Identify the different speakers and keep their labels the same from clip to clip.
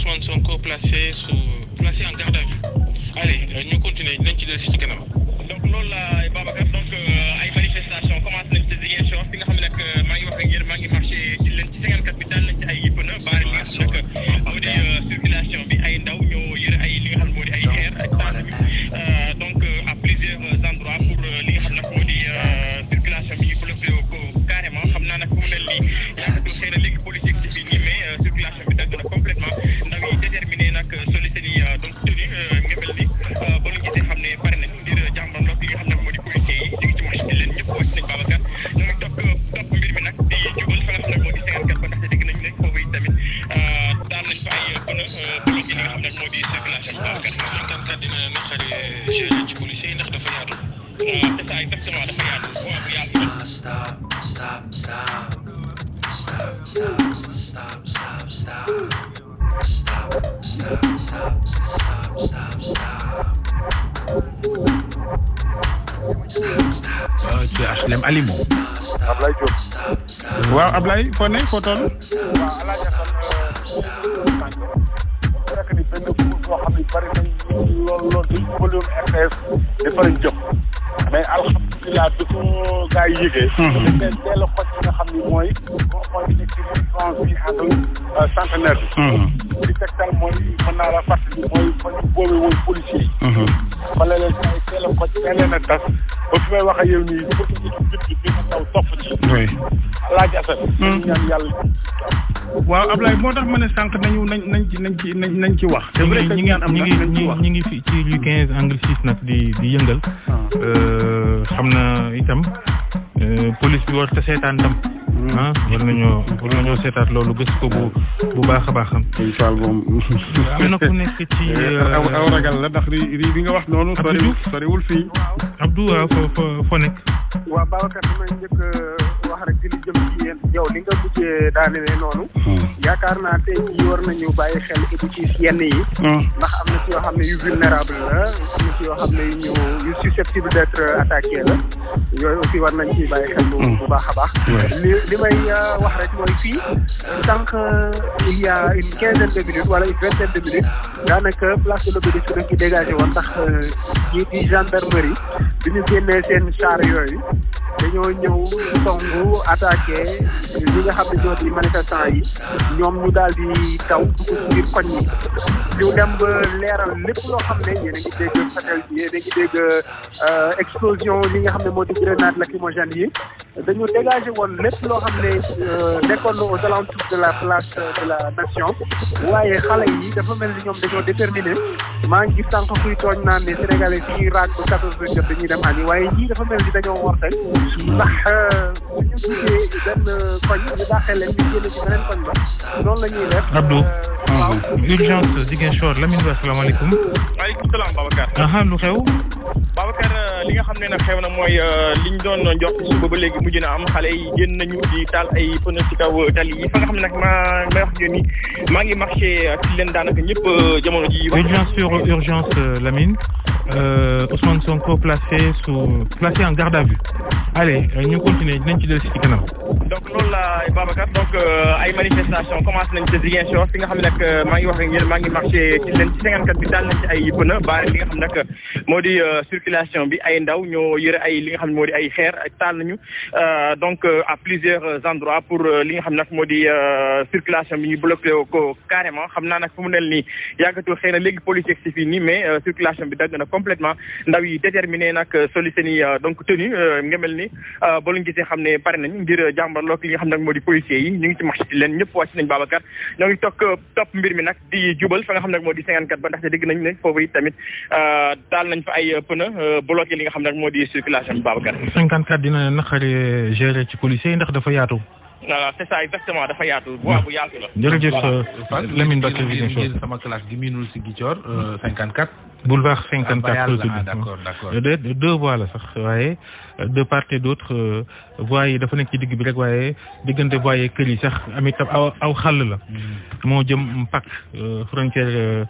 Speaker 1: Ousmane Sonko placé sous placé en garde à vue allez euh, ñu continuer nañ ci dellu si ci kanam. donc loolu la Babacar donc euh, ay manifestations commencé nañ ci Ziguinchor fi nga xam ne nag euh, maa ngi wax ak yéen maa ngi marché ci leen ci 54 bi daal nañ ci ay yëpp na. baari li nga xam ne nag moo di circulation bi ay ndaw ñoo yëre ay li nga xam ne moo di ay xeer ak. la dugg ci li nga xam ne moo di circulation bi. 54 dina naqari eh, gérer ci police yi ndax dafa yaatu. waaw c'est ça exactement dafa yaatu waaw bu yaatu la. ci HLM
Speaker 2: Alimo. Ablaye Diop. waaw
Speaker 3: Ablaye foo ne foo toll. waaw El Hadj Abdalah. mais alhamdulilah bi ko gars yi yëgee. dañ mhm. teel a li xam ni mooy mooy nekk ci mooy tranche bi àndul euh, centenaire bi. Mhm. li tegtal mooy mën yi. wala mhm. leen gars yi a xoj teel leen a tas ba fi may wax ak yow nii pour ñu jëm ci
Speaker 1: biir taw topp ci. oui laaj Assane. moo tax ma nañ sànq nañu nañ nañ ci nañ ci nañ ci wax. te vrai que ñi ngi am ñi ngi ñi ngi fi
Speaker 4: ci lu 15 angle 6 nag di yëngal. Euh, xam na itam euh, police bi war te seetaan tam. Mm. ah war nañoo war nañoo seetaat loolu gis ko bu bu baax a baax. incha allah moom. na ku nekk ci. Eh, euh, aw aw ragal la nga wax noonu. Abdou soriwul fii. Abdou waaw nekk.
Speaker 2: wax rek di lu jëm ci yéen yow li nga mujjee daanelee noonu. Hmm. yaakaar naa tey jii war nañu bàyyi xel édifices yenn yi. Hmm. ndax am na ci yoo xam ne yu vulnérable la am na ci yoo xam ne yu ñu yu susceptible d'être la yooyu aussi war nañ ciy bàyyi xel. Hmm. bu baax a baax. li li may euh, wax rek mooy fii sànq euh, il y a une quinzaine de minutes wala une vingtaine de minutes daanaka place de l'Obélisque dañ ci dégagé woon ndax euh, ñii di gendarmerie bi ñu génnee seen char yooyu. dañoo ñëw songu attaqué ñi nga xam ne ñoo di manifestant yi ñoom ñu daal di taw dugg biir koñ yi ñu dem leeral lépp loo xam ne yéen yi yéen euh, xam ne moo di grenade yi dañu dégagé woon lépp loo xam ne euh, nekkoon na aux alentours de la place de la nation waaye xale yi dafa mel ni ñoom dañoo déterminé maa ngi sànq kuy tooñ naan ne sénégalais yi raag ba quatorze heures dañuy dem añi waaye ñii dafa mel ni dañoo war ndax
Speaker 4: euh, bu ñu ah, gisee benn koñ ñu baaxee leen ñu génn ci beneen koñ ba noonu la ñuy def. Abdou. waaw urgence Ziguinchor euh, Lamine Ba salaamaaleykum. maaleykum salaam
Speaker 1: Babacar. Ah, ah, lu xew. Babacar euh, li nga xam ne nag xew na mooy liñ doon jox suba ba léegi mujj na am xale yi génn nañu di taal ay pneu ci kaw tali yi fa nga xam ne nag maa may wax ni maa ngi marché ci leen daanaka ñëpp jamono ji urgence
Speaker 4: sur urgence Lamine. Euh, Ousmane Sonko placé on placé en garde à vue allez euh, ñu continuer dinañ ci dellu si ci kanam. donc
Speaker 1: loolu la Babacar donc euh, ay manifestation commencé nañ ci Ziguinchor fi nga xam ne nag maa ngi wax ak yéen maa ngi marché ci leen ci 54 bi daal nañ ci ay na bari li nga xam ne moo di circulation bi ay ndaw ñoo yëre ay li nga xam ne moo di ay xeer taal nañu donc à plusieurs pour li nga xam nag moo di circulation bi ñu bloqué ko carrément xam naa nag fu mu nel nii yàggatul xëy na léegi police si fii nii mais circulation bi dagg na complètement ndaw yi déterminé nag soli seen i euh, donc tenue euh, nga mel ni euh, ba luñ gisee xam ne pare nañ ngir jàmbarloog li nga xam ne nag moo di policier yi ñu ngi ci marché leen ñëpp wàcc nañ Babacar ñoo ngi toog topp mbir mi nag di jubal fa nga xam ne nag moo di cinquante-quatre ba ndaxte dégg nañ ne foofu it tamit daal nañ fa ay pneu bloqué li nga xam ne nag moo di circulation bi Babacar
Speaker 4: cinquante-quatre dina naqari gérer ci policiers yi ndax dafa yaatu
Speaker 1: voilà c'est ça exactement dafa yaatu voie bu yaatu la. jërëjëf Lamine Mbacke Vision Show
Speaker 4: sama classe gi miinul si Gicoor 54. boulevard 54 ah d'accord d'accord deux voies la sax waaye de part et d'autre voies yi dafa nekk ci digg bi rek waaye diggante voies yi kër yi sax am itam aw aw xàll la. moo jëm pak frontière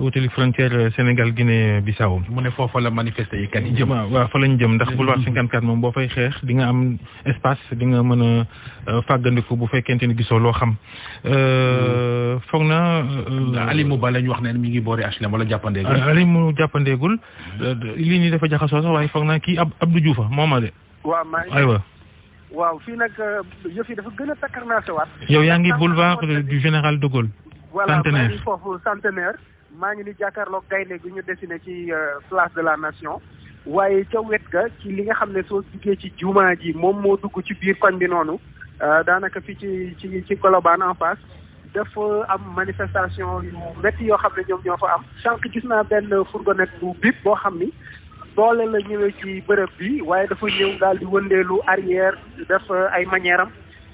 Speaker 4: wutali frontière Sénégal Guinée Bissau. mu ne foofa la manifester yi kat yi jëm. waaw fa lañ jëm ndax boulevard 54 moom boo fay xeex di nga am espace di nga mën a. fàggandiku bu fekkente ni gisoo loo xam. Euh, mm. foog na. Euh, Alimu Ba la ñu wax ne mi ngi boori HLM wala jàppandeegul. Euh, Alimu jàppandeegul lii nii dafa jaxasoo sax waaye foog naa kii ab Abdou Diouf a ma de.
Speaker 2: waaw maa ngi aywa. waaw fii nag yëf dafa gën a takkarnaase waat.
Speaker 4: yow yaa ngi boulevard du général de Gaulle.
Speaker 2: centenaire voilà maa ngi foofu centenaire. maa ngi ni jàkkaarloog gaynde gi ñu dessiné ci place de la nation. waaye ca wet ga li nga xam ne soo duggee ci jumaa ji moom moo dugg ci biir koñ bi noonu. Euh, daanaka fii ci ci ci Colobane en face dafa am manifestation yu métti yoo xam ne ñoom ñoo fa am sànq gis naa benn fourgonnette bu bip boo xam ni doole la ñëwee ci bërëb bi waaye dafa ñëw daal di wëndeelu arrière def euh, ay manière am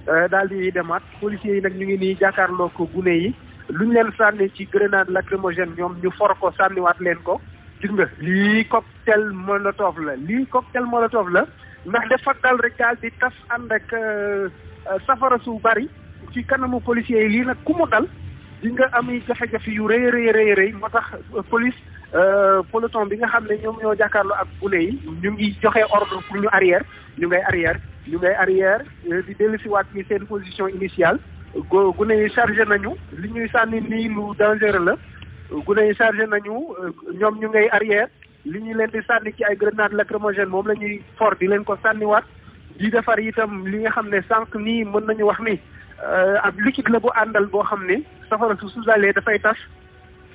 Speaker 2: euh, daal di demaat policiers yi nag ñu ngi nii jàkkaarloo ko gune yi luñ leen sànni ci grenade lacrymogène ñoom ñu for ko sànniwaat leen ko gis nga lii cocktail molotov la lii cocktail molotov la ndax dafa dal rek daal di tas ànd ak Euh, safara su bari ci kanamu policiers yi lii nag ku mu dal nga am jafe-jafe yu rëy rëy rëy moo tax euh, police euh, peloton bi nga xam ne ñoom ñoo jàkkaarloo ak bule yi ñu ngi joxe ordre pour ñu arrière ñu ngay arrière ñu ngay arrière di dellusiwaat ci seen position initiale go gune yi chargé nañu li ñuy sànni nii lu dangereux la gune yi chargé nañu ñoom ñu ngay arrière li ñu leen di sànni ci ay grenade lacrymogène moom la ñuy for di leen ko sànniwaat li defar itam li nga xam ne sànq nii mën nañu wax ni euh, ab liquide la bu àndal boo xam ne safara su suusalee dafay tas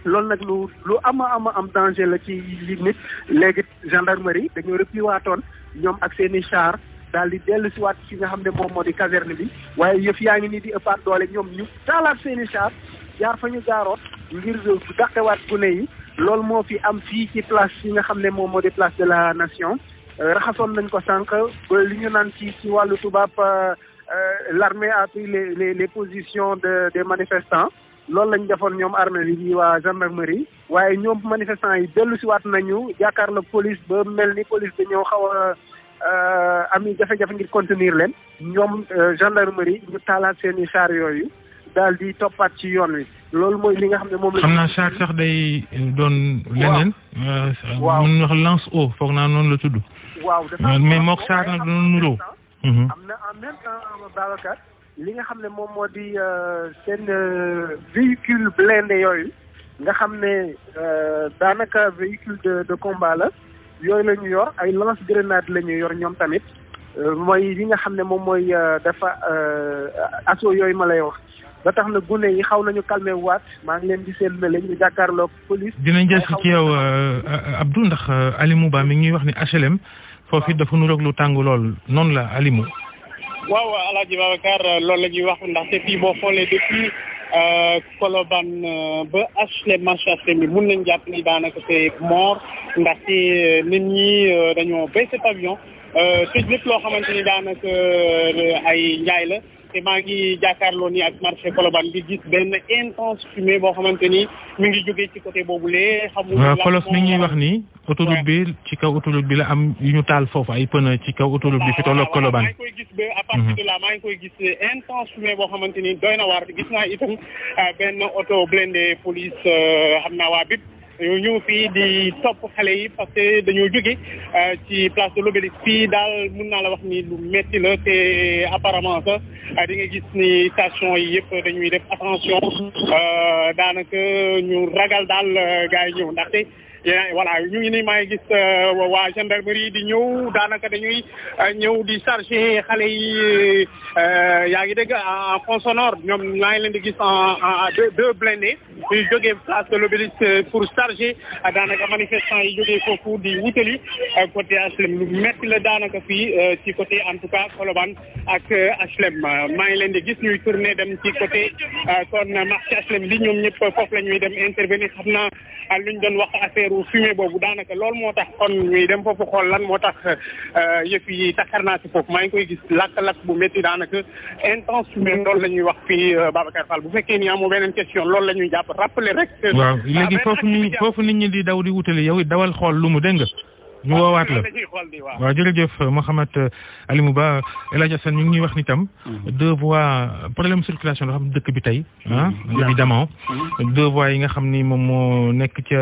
Speaker 2: loolu nag lu lu ama ama am danger la ci li nit léegi gendarmerie dañu repli waatoon ñoom ak seen i char daal di dellu si waat ci nga xam ne moom moo di caserne bi waaye yëf yaa ngi nii di ëppaat doole ñoom ñu taalaat seeni i char jaar fa ñu jaaroot ngir dàqewaat gune yi loolu moo fi am fii ci place yi nga xam ne moom moo di place de la nation raxasoon nañ ko sànq li ñu naan ci ci wàllu tubaab euh, euh, l'armée a pris les les les positions de des manifestants loolu lañ defoon ñoom armée bi di waa gendarmerie waaye ñoom manifestant yi dellu si waat nañu jàkkaarloog police ba mel ni police dañoo xaw a euh, am i jafe-jafe ngir contenir leen ñoom gendarmerie ñu taalaat seen i char yooyu daal di toppaat ci yoon wi loolu mooy li nga xam ne moom la. xam naa
Speaker 4: char sax day doon. leneen. waaw mën wax lance eau foog naa noonu la
Speaker 2: waaw dafa mais mook Sarr nag dañoo nuroo. Mhm. Euh, li nga xam ne moom moo di euh, seen euh, véhicule blindé yooyu nga xam ne daanaka véhicule de combat la yooyu la ñu yor ay lance grenade la ñu yor ñoom tamit mooy li nga xam ne moom mooy dafa assaut yooyu ma lay wax ba tax na gune yi xaw nañu calmé waat maa ngi leen di seetlu ne lañu jàkkaarloog police.
Speaker 4: dinañ jël ci yow Abdou ndax Ali Mouba mi ngi wax ni HLM. foofu it dafa nuroog lu tàng lool noonu la Alioune.
Speaker 3: waaw Alaaji Babacar loolu la ñuy wax ndaxte fii boo xoolee depuis euh, Colobane euh, ba HLM Manchas mi mun nañ jàpp ni daanaka c'est mort ndaxte euh, nit ñi dañoo bay cet avion te lépp loo xamante ni daanaka ay njaay la. te maa ngi jàkkaarloo ni ak marché Colobane bi gis benn intense fumée boo xamante ni mi ngi jógee ci côté boobulee. xamul euh, waaw kolos mi ñuy
Speaker 4: wax nii. autoroute bi ci kaw autoroute bi la am yu ñu taal foofu ay pneu ci kaw autoroute bi fi tolloog maa ngi
Speaker 3: koy gis ba à maa ngi koy gis intense fumée boo xamante ni doy na waar gis naa itam euh, benn auto blindé police euh, xam naa waa BIP. ñu ñëw fii di topp xale yi parce que dañoo jóge euh, ci place de l'Obélisque fii daal mun naa la wax ni lu metti la te apparemment sax euh, di nga gis ni station yi yëpp dañuy def attention euh, daanaka ñu ragal daal gars yi ñëw ndaxte voilà ñu ngi nii maa ngi gis waa gendarmerie di ñëw daanaka dañuy ñëw di chargé xale yi yaa ngi dégg en fond sonore ñoom maa ngi leen di gis en deux blindés bu ñu jógee place de l'Obélisque euh, pour charger euh, daanaka manifestant yi jógee foofu di wutali euh, côté HLM lu metti la daanaka fii ci côté en tout cas Colobane ak HLM maa ngi leen de gis ñuy tourner dem ci côté kon marché HLM bi ñoom ñëpp foofu la ñuy dem intervenir xam naa luñ doon wax affaire fumée boobu daanaka loolu moo tax kon ñuy dem foofu xool lan moo tax yëf yi takkar naa si foofu maa ngi koy gis lakk-lakk bu metti daanaka intense fumée loolu la ñuy wax fii Babacar Fall bu fekkee ni loolu la ñuy jàpp rappeler rek. waaw léegi foofu ni foofu
Speaker 4: nit ñi di daw di wutali yow it dawal xool lu mu dégg nga ñu woowaat la waaw jërëjëf Mouhamed euh, Aliou Ba El Hadj Assane ñu ngi ñuy wax ni tam. Mhm. deux voies problème circulation dafa am dëkk bi tey. ah mhm. évidemment mhm. deux voies yi nga xam ni moom moo nekk ca.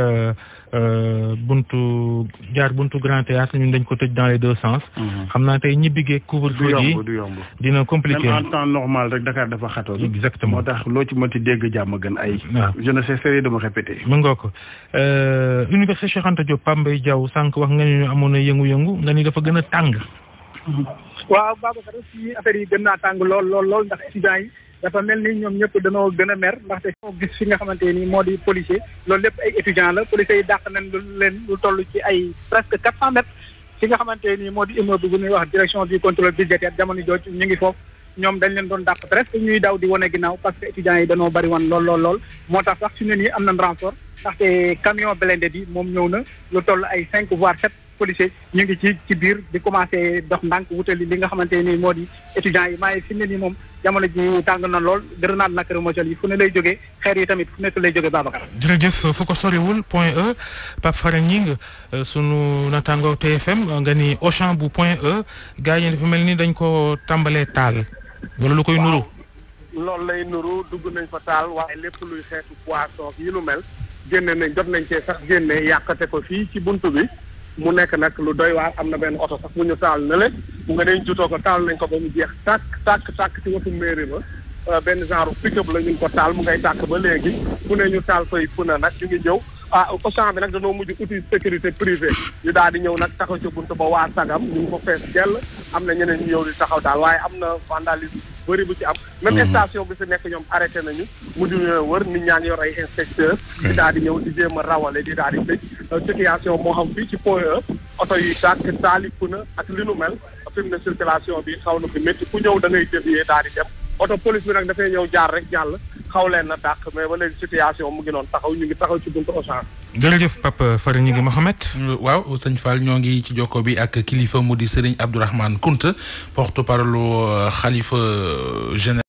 Speaker 4: Euh, buntu jaar buntu grand théâtre ñun dañ ko tëj dans les deux sens. Mhm. xam naa tey ñibbi geeg couvre-feu yi dina compliqué même en
Speaker 3: temps normal rek Dakar dafa xatoo. exactement moo tax loo ci mënti dégg jàmm gën ay. waaw je ne cesserai de me répéter. mën nga ko
Speaker 4: euh, Université Cheikh Anta Diop jaw Mbaye wax nga ñu amoon na yëngu-yëngu nga ni dafa gën a tàng. waaw
Speaker 2: Babacar si affaire gën naa tàng lool lool lool ndax étudiants yi. dafa mel ni ñoom ñëpp danoo gën a mer
Speaker 1: ndaxte ñoo gis fi nga xamante ni moo di policier loolu lépp ay étudiant la policier yi dàq nañ lu leen lu toll ci ay presque quatre cent mètres fi nga xamante nii moo di immeuble bu ñuy wax direction du contrôle budgétaire jamono jooju ñu ngi foofu ñoom dañ leen doon dàq presque ñuy daw di wone ginnaaw parce que étudiants yi danoo bari woon lool lool lool moo tax sax su ne nii am nañ renfort ndaxte camion blindé bi moom ñëw na lu toll ay cinq voire sept policiers ñu ngi ci ci biir di commencé dox ndànk wutali li nga xamante nii moo di étudiants yi maaye fi ne nii moom jamono ji tàng na lool grenade lacrymogène yi fu ne lay jógee xeer yi tamit fu nekk lay jógee Babacar.
Speaker 4: jërëjëf fu ko soriwul point E Pape Fara Ñing euh, sunu natango TFM nga ni Auchan bu point E gars yi dafa mel nii dañ ko tàmbalee taal wala lu koy nuru.
Speaker 1: loolu lay nuru dugg nañ fa taal waaye lépp luy xeetu poisson yi lu mel génne nañ jot nañ cee sax génne yàqate ko fii ci buntu bi. mu nekk nag lu doy waar am na benn oto sax mu ñu taal na le mu nga dañ jutoo ko taal nañ ko ba mu jeex tàkk tàkk tàkk ci wetu mairie ba euh, benn genre pick-up la ñu ko taal mu ngay tàkk ba léegi fu ne ñu taal fay fu na nag ñu ngi ñëw ah Auchan bi nag dañoo mujj outil sécurité privée ñu daal di ñëw nag taxaw ca bunt ba waa sagam ñu ngi fees dell am na ñeneen ñu ñëw di taxaw daal waaye am na vandalisme bëri bu ci am mhm. même station bi si nekk ñoom arrêté nañu mujj ñoo wër nit ñaa ngi yor ay inspecteur di mhm. daal di ñëw di jéem a rawale di daal di tëj euh, situation moo xam fii ci point E oto yi dàkk taaliku na ak li nu mel a mu ne circulation bi xaw na bi métti ku ñëw da ngay dévier daal di dem oto police bi nag dafay ñëw jaar rek jàll xaw leen na dàq mais ba léegi situation mu ngi noonu taxaw ñu ngi taxaw ci buntu Auchan.
Speaker 4: jërëjëf Pape Fary ñu ngi Mohamed. waaw sëñ Fall ñoo ngi ci jokko bi ak kilifa mu di Serigne Abdourahmane Kounta porte-parole euh, xalifa euh, général.